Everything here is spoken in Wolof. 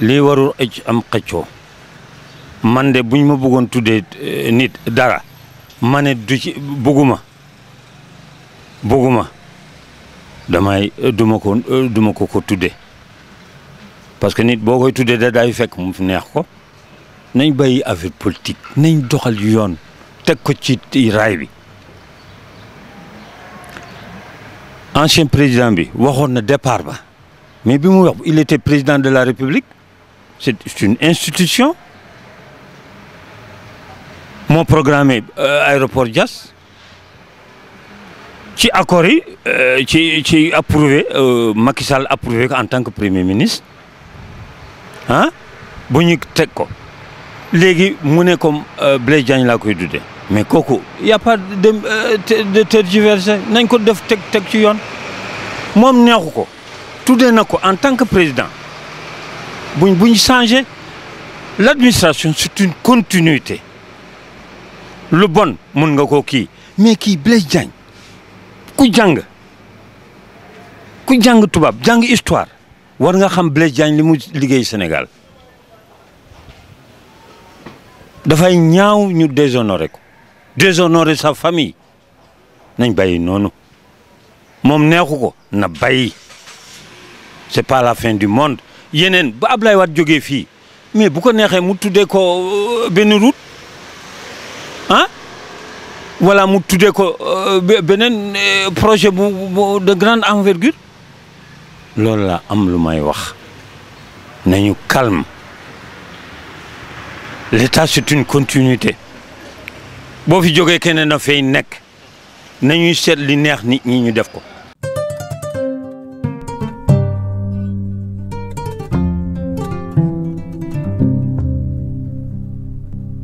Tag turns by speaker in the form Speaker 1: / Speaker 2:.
Speaker 1: lii warul am xëccoo man de buñ ma buggoon tuddee eh, nit dara mane du ci bëgguma bëgguma damay eh, duma ko eh, duma ko ko tuddee parce que nit boo koy tuddee da daay fekk mu neex ko nañ bay affaire politique nañ doxal yoon teg ko ci raay bi ancien président bi waxoon na départ ba mais bi mu wax il était président de la république C'est une institution. Mon programme est euh, Aéroport Jazz, qui a accordé, euh, qui, approuvé, euh, Macky Sall a approuvé en tant que Premier ministre. Hein? bu ñu teg ko mu ne comme euh, Blaise Diagne l'a koy mais il y' a pas de euh, de tergiversé nañ ko def teg teg ci yoon moom ko en tant que président buñ buñ changé l'administration c'est une continuité le bon mun nga koo mais qui Blaise Djang ku Djang ku Djang tubaab Djang histoire war nga xam Blaise Diagne li mu liggéey Sénégal dafay ñaaw ñu déshonorer. ko sa famille nañ bàyyi noonu Mom neexu na bàyyi c'est pas la fin du monde yeneen ba Ablaye wat joge fi mais bu ko nexé mu tuddé ko euh, benn route ah wala mu tuddé ko euh, benen euh, projet bu de grande envergure loolu la am lu may wax nañu calme l'état c'est une continuité bo fi jógee keneen na fay nek nañu set li neex ni ñi ñu def ko